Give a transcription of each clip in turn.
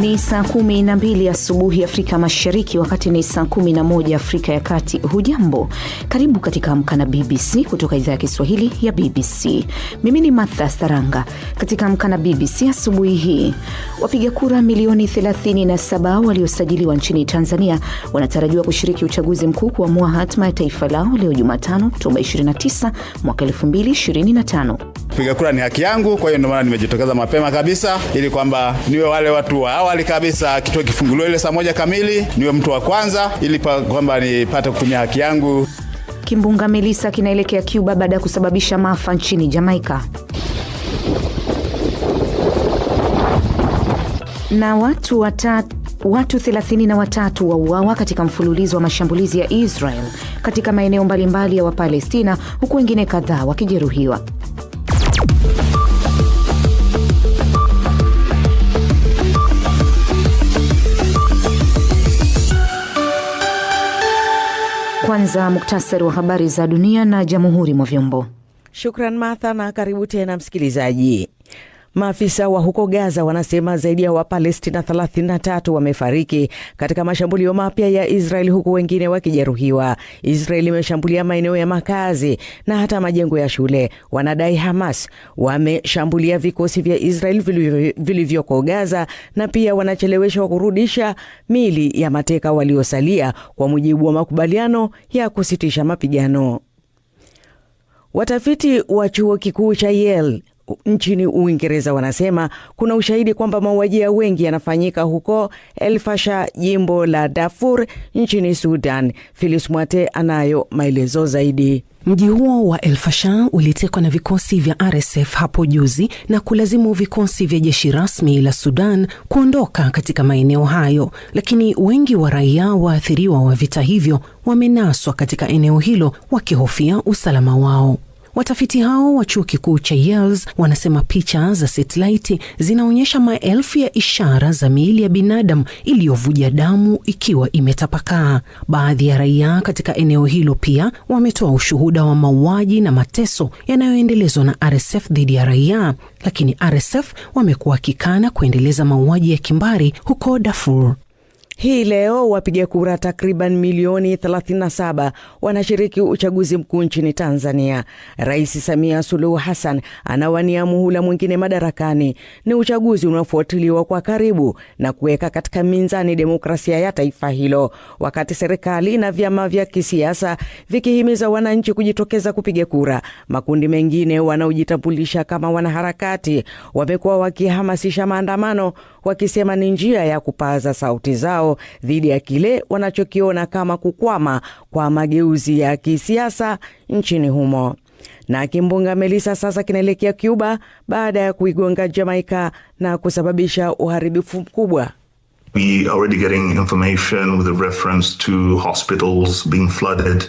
Ni saa kumi na mbili asubuhi Afrika Mashariki, wakati ni saa kumi na moja Afrika ya Kati. Hujambo, karibu katika Amka na BBC kutoka idhaa ya Kiswahili ya BBC. Mimi ni Martha Saranga. Katika Amka na BBC asubuhi hii, wapiga kura milioni 37 waliosajiliwa nchini Tanzania wanatarajiwa kushiriki uchaguzi mkuu kuamua hatima ya taifa lao leo Jumatano, Oktoba 29 mwaka 2025. Kupiga kura ni haki yangu, kwa hiyo ndio maana nimejitokeza mapema kabisa ili kwamba niwe wale watu wa awali kabisa kituo kifunguliwe ile saa moja kamili, niwe mtu wa kwanza ili kwamba nipate kutumia haki yangu. Kimbunga melisa kinaelekea Cuba baada ya kusababisha maafa nchini Jamaika. Na watu watatu watu 33 wauawa katika mfululizo wa mashambulizi ya Israel katika maeneo mbalimbali ya Wapalestina huku wengine kadhaa wakijeruhiwa. Kwanza muktasari wa habari za dunia na jamhuri mwa vyombo. Shukran Martha na karibu tena msikilizaji. Maafisa wa huko Gaza wanasema zaidi ya Wapalestina 33 wamefariki katika mashambulio mapya ya Israeli huku wengine wakijeruhiwa. Israeli imeshambulia maeneo ya makazi na hata majengo ya shule. Wanadai Hamas wameshambulia vikosi vya Israeli vilivyoko Gaza na pia wanacheleweshwa kurudisha mili ya mateka waliosalia kwa mujibu wa makubaliano ya kusitisha mapigano. Watafiti wa chuo kikuu cha Yale nchini Uingereza wanasema kuna ushahidi kwamba mauaji ya wengi yanafanyika huko elfasha jimbo la Darfur nchini Sudan. Filis Mwate anayo maelezo zaidi. Mji huo wa elfasha ulitekwa na vikosi vya RSF hapo juzi na kulazimu vikosi vya jeshi rasmi la Sudan kuondoka katika maeneo hayo, lakini wengi wa raia waathiriwa wa vita hivyo wamenaswa katika eneo hilo wakihofia usalama wao. Watafiti hao wa chuo kikuu cha yels wanasema picha za satelaiti zinaonyesha maelfu ya ishara za miili ya binadamu iliyovuja damu ikiwa imetapakaa. Baadhi ya raia katika eneo hilo pia wametoa ushuhuda wa mauaji na mateso yanayoendelezwa na RSF dhidi ya raia, lakini RSF wamekuwa wakikana kuendeleza mauaji ya kimbari huko Darfur. Hii leo wapiga kura takriban milioni 37 wanashiriki uchaguzi mkuu nchini Tanzania. Rais Samia Suluhu Hassan anawania muhula mwingine madarakani. Ni uchaguzi unaofuatiliwa kwa karibu na kuweka katika minzani demokrasia ya taifa hilo, wakati serikali na vyama vya kisiasa vikihimiza wananchi kujitokeza kupiga kura. Makundi mengine wanaojitambulisha kama wanaharakati wamekuwa wakihamasisha maandamano wakisema ni njia ya kupaza sauti zao dhidi ya kile wanachokiona kama kukwama kwa mageuzi ya kisiasa nchini humo. Na kimbunga Melissa sasa kinaelekea Cuba baada ya kuigonga Jamaika na kusababisha uharibifu mkubwa.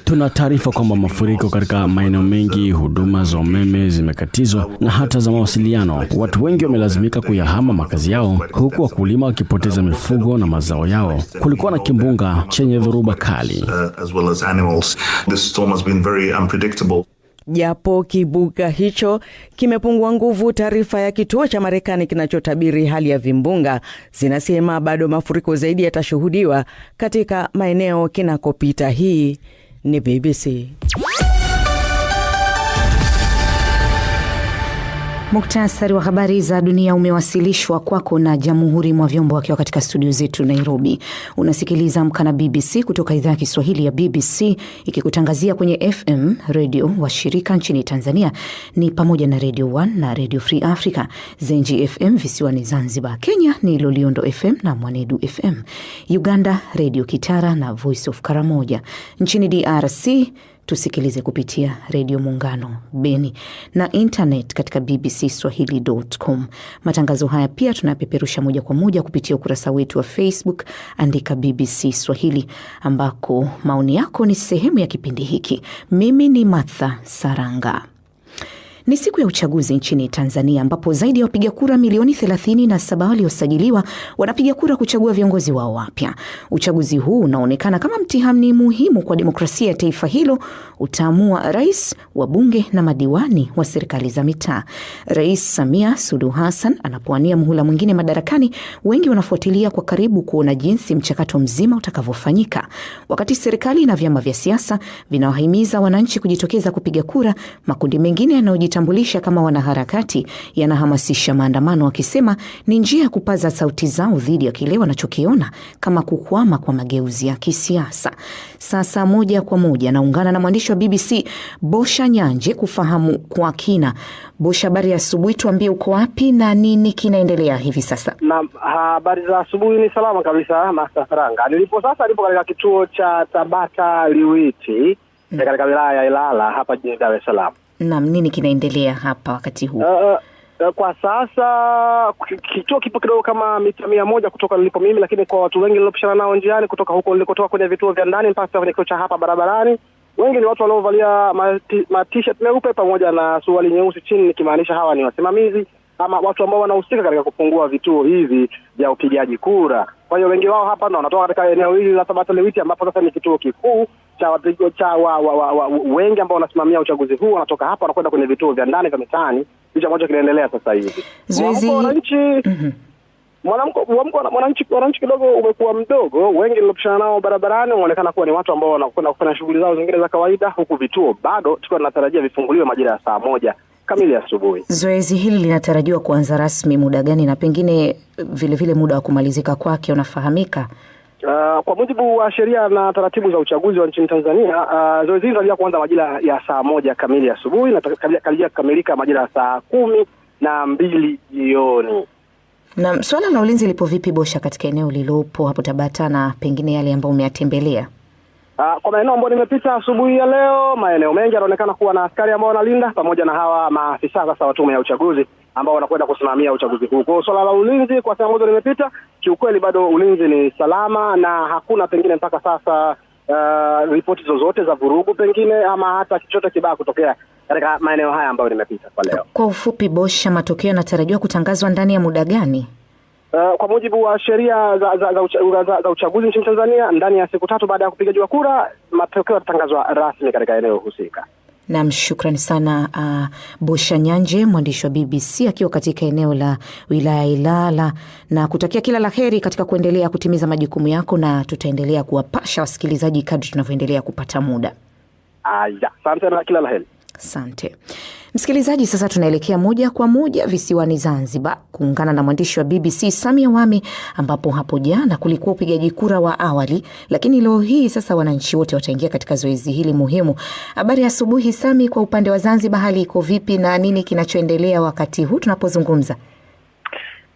Tuna taarifa kwamba mafuriko katika maeneo mengi, huduma za umeme zimekatizwa na hata za mawasiliano. Watu wengi wamelazimika kuyahama makazi yao, huku wakulima wakipoteza mifugo na mazao yao. Kulikuwa na kimbunga chenye dhoruba kali. Uh, japo kibuga hicho kimepungua nguvu. Taarifa ya kituo cha Marekani kinachotabiri hali ya vimbunga zinasema bado mafuriko zaidi yatashuhudiwa katika maeneo kinakopita. Hii ni BBC. Muktasari wa habari za dunia umewasilishwa kwako na Jamhuri mwa vyombo wakiwa katika studio zetu Nairobi. Unasikiliza Amka na BBC kutoka idhaa ya Kiswahili ya BBC ikikutangazia kwenye FM redio wa shirika nchini Tanzania ni pamoja na redio One na redio Free Africa, Zenji FM visiwani Zanzibar, Kenya ni Loliondo FM na Mwanedu FM, Uganda redio Kitara na Voice of Karamoja, nchini DRC tusikilize kupitia redio Muungano Beni na internet katika bbc swahilicom Matangazo haya pia tunayapeperusha moja kwa moja kupitia ukurasa wetu wa Facebook, andika BBC Swahili, ambako maoni yako ni sehemu ya kipindi hiki. Mimi ni Martha Saranga. Ni siku ya uchaguzi nchini Tanzania ambapo zaidi ya wapiga kura milioni 37 waliosajiliwa wanapiga kura kuchagua viongozi wao wapya. Uchaguzi huu unaonekana kama mtihani muhimu kwa demokrasia ya taifa hilo, utaamua rais, wabunge na madiwani wa serikali za mitaa. Rais Samia Suluhu Hassan anapoania muhula mwingine madarakani, wengi wanafuatilia kwa karibu kuona jinsi mchakato mzima utakavyofanyika, wakati serikali na vyama vya siasa vinawahimiza wananchi kujitokeza kupiga kura. Makundi mengine yanayojita kujitambulisha kama wanaharakati yanahamasisha maandamano, wakisema ni njia ya kupaza sauti zao dhidi ya kile wanachokiona kama kukwama kwa mageuzi ya kisiasa. Sasa moja kwa moja naungana na mwandishi wa BBC Bosha Nyanje kufahamu kwa kina. Bosha, habari ya asubuhi, tuambie uko wapi na nini kinaendelea hivi sasa? Naam, habari za asubuhi. Ni salama kabisa, Masta Faranga. Nilipo sasa, nipo katika kituo cha Tabata Liwiti hmm. katika wilaya ya Ilala hapa jijini Dar es Salaam. Naam, nini kinaendelea hapa wakati huu? Uh, uh, kwa sasa kituo kipo kidogo kama mita mia moja kutoka nilipo mimi, lakini kwa watu wengi niliopishana nao njiani kutoka huko nilikotoka kwenye vituo vya ndani mpaka kwenye kituo cha hapa barabarani, wengi ni watu wanaovalia matishat meupe pamoja na suruali nyeusi chini, nikimaanisha hawa ni wasimamizi ama watu ambao wanahusika katika kupungua vituo hivi vya upigaji kura. Kwa hiyo wengi wao hapa ndo wanatoka katika eneo hili la Sabato Lewiti, ambapo sasa ni kituo kikuu cha cha wa, wa, wa, wa, wengi ambao wanasimamia uchaguzi huu wanatoka hapa wanakwenda kwenye vituo vya ndani vya mitaani, hicho ambacho kinaendelea sasa hivi. Zoezi wananchi mm Mwananchi kidogo umekuwa mdogo. Wengi niliopishana nao barabarani wanaonekana kuwa ni watu ambao wanakwenda kufanya shughuli zao zingine za kawaida, huku vituo bado tukiwa tunatarajia vifunguliwe majira ya saa moja kamili asubuhi. Zoezi hili linatarajiwa kuanza rasmi muda gani, na pengine vilevile vile muda wa kumalizika kwake unafahamika? Uh, kwa mujibu wa sheria na taratibu za uchaguzi wa nchini Tanzania, uh, zoezi hili linatarajiwa kuanza majira ya saa moja kamili asubuhi na karibia kukamilika majira ya saa kumi na mbili jioni. Na swala la ulinzi lipo vipi Bosha, katika eneo lililopo hapo Tabata na pengine yale ambayo umeyatembelea? Uh, kwa maeneo ambayo nimepita asubuhi ya leo, maeneo mengi yanaonekana kuwa na askari ambao wanalinda pamoja na hawa maafisa sasa wa tume ya uchaguzi ambao wanakwenda kusimamia uchaguzi huu. Kwa swala la ulinzi, kwa sehemu ambazo nimepita, kiukweli bado ulinzi ni salama na hakuna pengine mpaka sasa uh, ripoti zozote za vurugu pengine ama hata chochote kibaya kutokea katika maeneo haya ambayo nimepita kwa leo. Kwa ufupi, Bosha, matokeo yanatarajiwa kutangazwa ndani ya muda gani? Uh, kwa mujibu wa sheria za, za, za, ucha, za, za uchaguzi nchini Tanzania, ndani ya siku tatu baada ya kupiga kura matokeo yatatangazwa rasmi katika eneo husika. Nam, shukrani sana uh, eh, Bosha Nyanje, mwandishi wa BBC akiwa katika eneo la wilaya Ilala, na kutakia kila la heri katika kuendelea kutimiza majukumu yako, na tutaendelea kuwapasha wasikilizaji kadri tunavyoendelea kupata muda. asante na kila la heri sante msikilizaji. Sasa tunaelekea moja kwa moja visiwani Zanzibar kuungana na mwandishi wa BBC Samia Wami, ambapo hapo jana kulikuwa upigaji kura wa awali, lakini leo hii sasa wananchi wote wataingia katika zoezi hili muhimu. Habari asubuhi Sami, kwa upande wa Zanzibar hali iko vipi na nini kinachoendelea wakati huu tunapozungumza?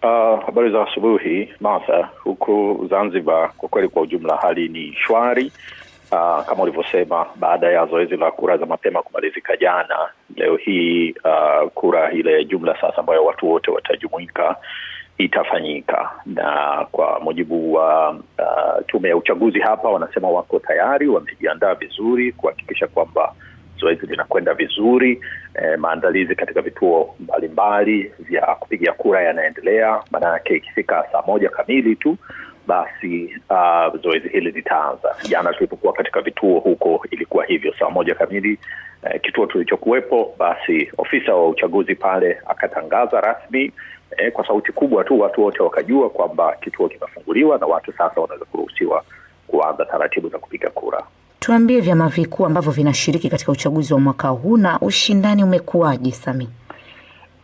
Uh, habari za asubuhi Martha. Huku Zanzibar kwa kweli, kwa ujumla hali ni shwari Uh, kama ulivyosema, baada ya zoezi la kura za mapema kumalizika jana, leo hii uh, kura ile ya jumla sasa ambayo watu wote watajumuika itafanyika, na kwa mujibu wa uh, tume ya uchaguzi hapa wanasema wako tayari, wamejiandaa vizuri kuhakikisha kwamba zoezi linakwenda vizuri. E, maandalizi katika vituo mbalimbali vya kupiga kura yanaendelea. maanayake ikifika saa moja kamili tu basi uh, zoezi hili litaanza. Jana tulipokuwa katika vituo huko ilikuwa hivyo, saa moja kamili eh, kituo tulichokuwepo, basi ofisa wa uchaguzi pale akatangaza rasmi eh, kwa sauti kubwa tu, watu wote wakajua kwamba kituo kimefunguliwa na watu sasa wanaweza kuruhusiwa kuanza taratibu za kupiga kura. Tuambie vyama vikuu ambavyo vinashiriki katika uchaguzi wa mwaka huu na ushindani umekuwaje, Sami?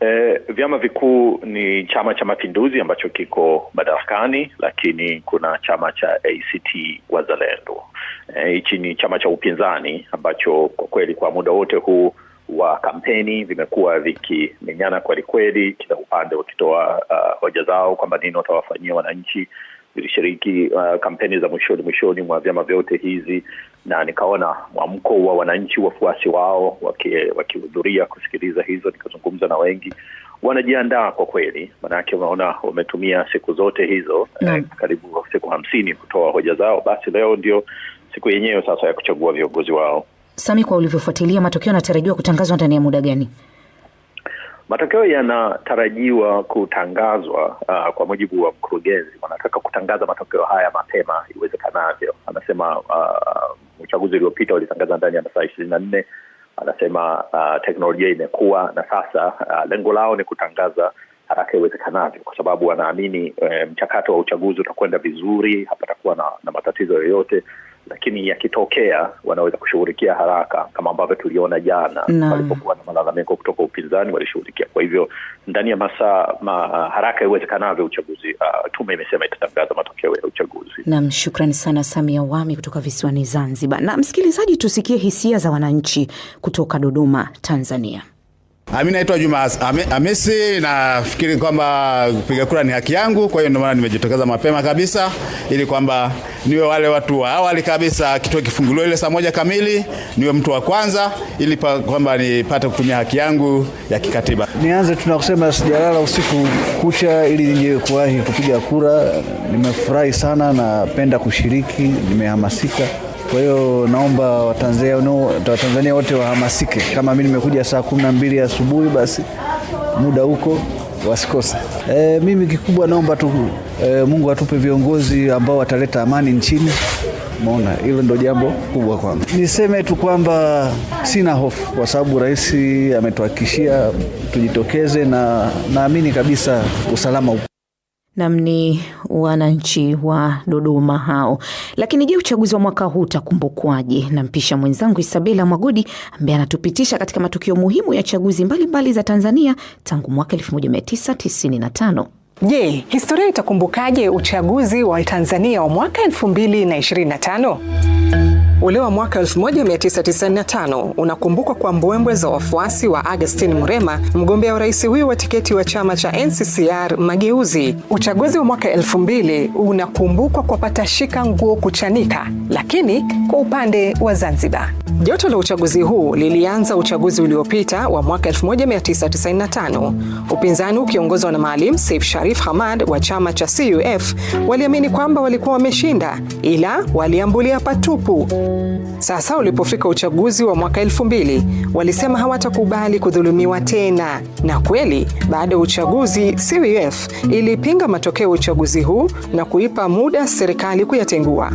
E, vyama vikuu ni Chama cha Mapinduzi ambacho kiko madarakani, lakini kuna chama cha ACT Wazalendo. Eh, hichi e, ni chama cha upinzani ambacho kwa kweli kwa muda wote huu wa kampeni vimekuwa vikimenyana kweli kweli, kila upande wakitoa uh, hoja zao kwamba nini watawafanyia wananchi nilishiriki uh, kampeni za mwishoni mwishoni mwa vyama vyote hizi na nikaona mwamko wa wananchi wafuasi wao wakihudhuria waki kusikiliza hizo nikazungumza na wengi wanajiandaa kwa kweli maanake unaona wametumia siku zote hizo mm. eh, karibu siku hamsini kutoa hoja zao basi leo ndio siku yenyewe sasa ya kuchagua viongozi wao sami kwa ulivyofuatilia matokeo yanatarajiwa kutangazwa ndani ya muda gani Matokeo yanatarajiwa kutangazwa uh, kwa mujibu wa mkurugenzi, wanataka kutangaza matokeo haya mapema iwezekanavyo. Anasema uh, uchaguzi uliopita walitangaza ndani ya masaa ishirini na nne. Anasema uh, teknolojia imekuwa na sasa uh, lengo lao ni kutangaza haraka iwezekanavyo, kwa sababu wanaamini e, mchakato wa uchaguzi utakwenda vizuri, hapatakuwa na, na matatizo yoyote lakini yakitokea wanaweza kushughulikia haraka kama ambavyo tuliona jana walipokuwa na malalamiko kutoka upinzani walishughulikia kwa hivyo ndani ya masaa ma, haraka iwezekanavyo uchaguzi uh, tume imesema itatangaza matokeo ya uchaguzi nam shukrani sana samia wami kutoka visiwani zanzibar na msikilizaji tusikie hisia za wananchi kutoka dodoma tanzania mimi naitwa Juma Hamisi, nafikiri kwamba kupiga kura ni haki yangu, kwa hiyo ndio maana nimejitokeza mapema kabisa ili kwamba niwe wale watu wa awali kabisa, kituo kifunguliwe ile saa moja kamili, niwe mtu wa kwanza ili kwamba nipate kutumia haki yangu ya kikatiba. Nianze tunakusema sijalala usiku kucha ili nije kuwahi kupiga kura. Nimefurahi sana, napenda kushiriki, nimehamasika. Kwa hiyo naomba Watanzania wote wahamasike. Kama mimi nimekuja saa kumi na mbili asubuhi, basi muda huko wasikose. E, mimi kikubwa naomba tu e, Mungu atupe viongozi ambao wataleta amani nchini. Umeona, hilo ndo jambo kubwa kwangu. Niseme tu kwamba sina hofu, kwa sababu rais ametuhakikishia tujitokeze, na naamini kabisa usalama upo namni wananchi wa Dodoma hao. Lakini je, uchaguzi wa mwaka huu utakumbukwaje? Nampisha mwenzangu Isabela Mwagodi ambaye anatupitisha katika matukio muhimu ya chaguzi mbalimbali mbali za Tanzania tangu mwaka 1995. Je, historia itakumbukaje uchaguzi wa Tanzania wa mwaka 2025? Ule wa mwaka 1995 unakumbukwa kwa mbwembwe za wafuasi wa Augustine Mrema, mgombea urais huyo wa tiketi wa chama cha NCCR Mageuzi. Uchaguzi wa mwaka 2000 unakumbukwa kwa patashika nguo kuchanika, lakini kwa upande wa Zanzibar. Joto la uchaguzi huu lilianza uchaguzi uliopita wa mwaka 1995, upinzani ukiongozwa na Maalim Seif Sharif Hamad wa chama cha CUF waliamini kwamba walikuwa wameshinda, ila waliambulia patupu. Sasa ulipofika uchaguzi wa mwaka elfu mbili walisema hawatakubali kudhulumiwa tena, na kweli baada ya uchaguzi CUF ilipinga matokeo ya uchaguzi huu na kuipa muda serikali kuyatengua.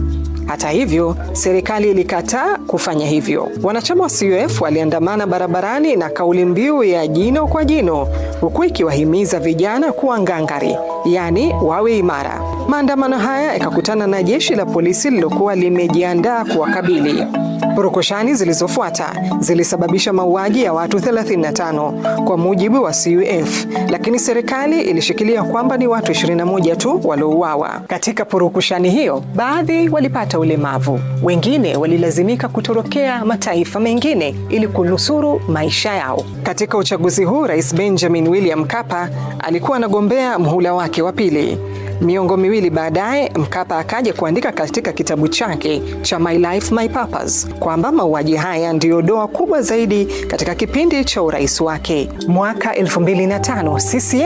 Hata hivyo, serikali ilikataa kufanya hivyo. Wanachama wa CUF waliandamana barabarani na kauli mbiu ya jino kwa jino, huku ikiwahimiza vijana kuwa ngangari, yaani wawe imara. Maandamano haya yakakutana na jeshi la polisi lililokuwa limejiandaa kuwakabili. Purukushani zilizofuata zilisababisha mauaji ya watu 35 kwa mujibu wa CUF, lakini serikali ilishikilia kwamba ni watu 21 tu waliouawa. Katika purukushani hiyo, baadhi walipata ulemavu, wengine walilazimika kutorokea mataifa mengine ili kunusuru maisha yao. Katika uchaguzi huu, Rais Benjamin William Mkapa alikuwa anagombea mhula wake wa pili. Miongo miwili baadaye, Mkapa akaja kuandika katika kitabu chake cha My Life My Purpose kwamba mauaji haya ndiyo doa kubwa zaidi katika kipindi cha urais wake. Mwaka 2005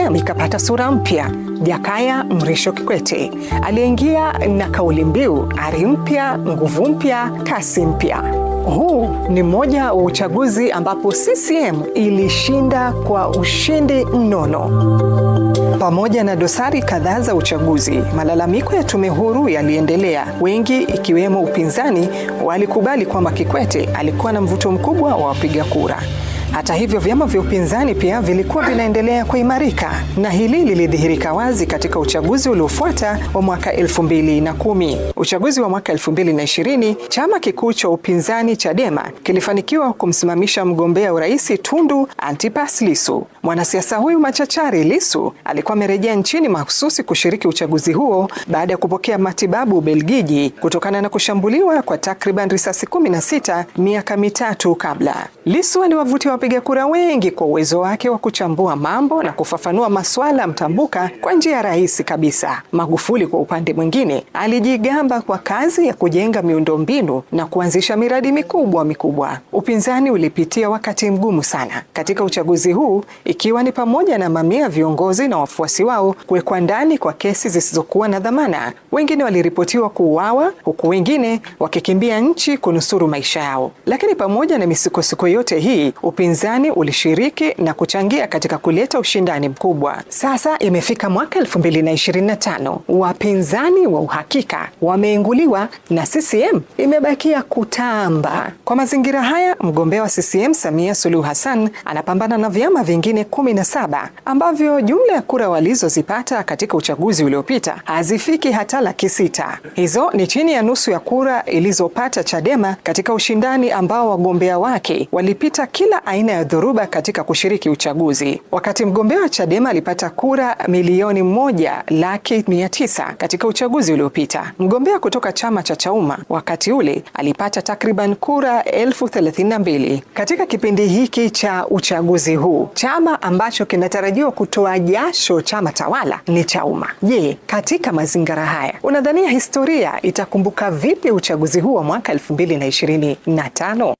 CCM ikapata sura mpya. Jakaya Mrisho Kikwete aliyeingia na kauli mbiu ari mpya, nguvu mpya, kasi mpya. Huu ni mmoja wa uchaguzi ambapo CCM ilishinda kwa ushindi mnono. Pamoja na dosari kadhaa za uchaguzi, malalamiko ya tume huru yaliendelea. Wengi ikiwemo upinzani walikubali kwamba Kikwete alikuwa na mvuto mkubwa wa wapiga kura. Hata hivyo, vyama vya upinzani pia vilikuwa vinaendelea kuimarika na hili lilidhihirika wazi katika uchaguzi uliofuata wa mwaka kumi. Uchaguzi wa mwaka ishirini chama kikuu cha upinzani Chadema kilifanikiwa kumsimamisha mgombea urais Tundu Antipas lisu Mwanasiasa huyu machachari lisu alikuwa amerejea nchini mahususi kushiriki uchaguzi huo baada ya kupokea matibabu Ubelgiji kutokana na kushambuliwa kwa takriban risasi sita miaka mitatu kabla. Lisu aliwavutia wapiga kura wengi kwa uwezo wake wa kuchambua mambo na kufafanua masuala mtambuka kwa njia rahisi kabisa. Magufuli kwa upande mwingine, alijigamba kwa kazi ya kujenga miundombinu na kuanzisha miradi mikubwa mikubwa. Upinzani ulipitia wakati mgumu sana katika uchaguzi huu, ikiwa ni pamoja na mamia viongozi na wafuasi wao kuwekwa ndani kwa kesi zisizokuwa na dhamana. Wengine waliripotiwa kuuawa, huku wengine wakikimbia nchi kunusuru maisha yao. Lakini pamoja na misukosuko yote hii upinzani upinzani ulishiriki na kuchangia katika kuleta ushindani mkubwa. Sasa imefika mwaka 2025, wapinzani wa uhakika wameinguliwa na CCM imebakia kutamba. Kwa mazingira haya, mgombea wa CCM Samia Suluhu Hassan anapambana na vyama vingine 17 ambavyo jumla ya kura walizozipata katika uchaguzi uliopita hazifiki hata laki sita. Hizo ni chini ya nusu ya kura ilizopata Chadema katika ushindani ambao wagombea wake walipita kila aina aina ya dhoruba katika kushiriki uchaguzi. Wakati mgombea wa Chadema alipata kura milioni moja laki mia tisa katika uchaguzi uliopita, mgombea kutoka chama cha Chauma wakati ule alipata takriban kura elfu thelathini na mbili. Katika kipindi hiki cha uchaguzi huu, chama ambacho kinatarajiwa kutoa jasho chama tawala ni Chauma. Je, katika mazingira haya unadhania historia itakumbuka vipi uchaguzi huu wa mwaka 2025?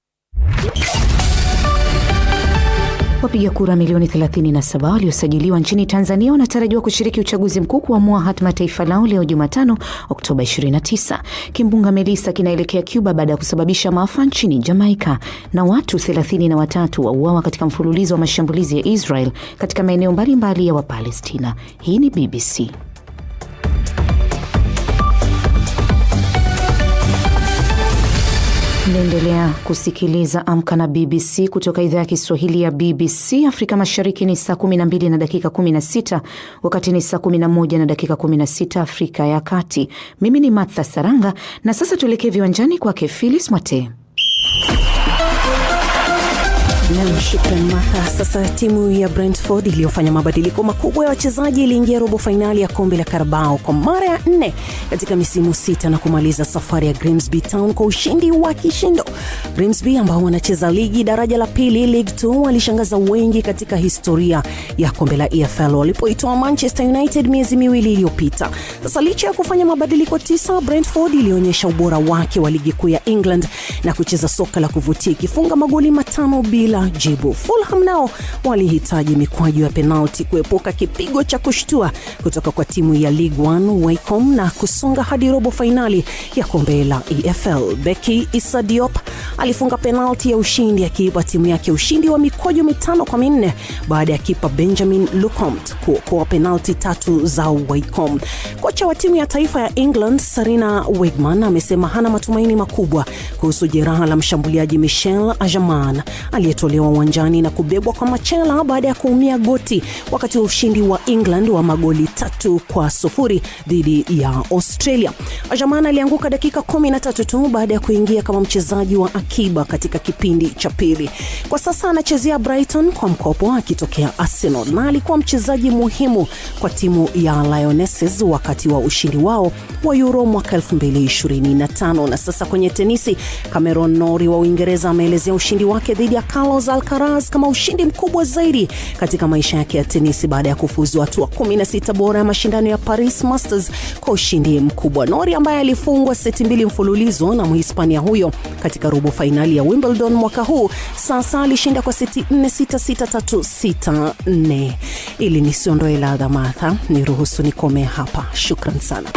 Wapiga kura milioni 37 waliosajiliwa nchini Tanzania wanatarajiwa kushiriki uchaguzi mkuu kuamua hatima taifa lao leo Jumatano, Oktoba 29. Kimbunga Melissa kinaelekea Cuba baada ya kusababisha maafa nchini Jamaika, na watu 33 wauawa katika mfululizo wa mashambulizi ya Israel katika maeneo mbalimbali ya Wapalestina. Hii ni BBC. Naendelea kusikiliza Amka na BBC kutoka idhaa ya Kiswahili ya BBC Afrika Mashariki. Ni saa 12 na dakika 16, wakati ni saa 11 na dakika 16 Afrika ya Kati. Mimi ni Martha Saranga na sasa tuelekee viwanjani kwake Filis Mwate. Nam, shukran Martha. Sasa timu ya Brentford iliyofanya mabadiliko makubwa ya wachezaji iliingia robo fainali ya kombe la Carabao kwa mara ya nne katika misimu sita na kumaliza safari ya Grimsby Town kwa ushindi wa kishindo. Grimsby ambao wanacheza ligi daraja la pili League 2 walishangaza wengi katika historia ya kombe la EFL walipoitoa Manchester United miezi miwili iliyopita. Sasa licha ya kufanya mabadiliko tisa, Brentford ilionyesha ubora wake wa ligi kuu ya England na kucheza soka la kuvutia ikifunga magoli matano bila bila jibu. Fulham nao walihitaji mikwaju ya penalti kuepuka kipigo cha kushtua kutoka kwa timu ya League One Wycombe na kusonga hadi robo fainali ya kombe la EFL. Beki isadiop alifunga penalti ya ushindi akiipa ya timu yake ushindi wa mikwaju mitano kwa minne baada ya kipa Benjamin lucomt kuokoa penalti tatu za wycom Kocha wa timu ya taifa ya England Sarina Wegman amesema hana matumaini makubwa kuhusu jeraha la mshambuliaji Michel Ajaman aliyeto alitolewa uwanjani na kubebwa kwa machela baada ya kuumia goti wakati wa ushindi wa England wa magoli tatu kwa sufuri dhidi ya Australia. Ajaman alianguka dakika 13 tu baada ya kuingia kama mchezaji wa akiba katika kipindi cha pili. Kwa sasa anachezea Brighton kwa mkopo akitokea Arsenal na alikuwa mchezaji muhimu kwa timu ya Lionesses wakati wa ushindi wao wa Euro mwaka 225 Na sasa kwenye tenisi, Cameron nori wa Uingereza ameelezea ushindi wake dhidi ya Carlos Carlos Alcaraz kama ushindi mkubwa zaidi katika maisha yake ya tenisi baada ya kufuzu hatua 16 bora ya mashindano ya Paris Masters kwa ushindi mkubwa. Nori ambaye alifungwa seti mbili mfululizo na Mhispania huyo katika robo fainali ya Wimbledon mwaka huu, sasa alishinda kwa seti 4 6 6 3 6 4. Ili nisiondoe ladha Martha, niruhusu nikome hapa. Shukran sana.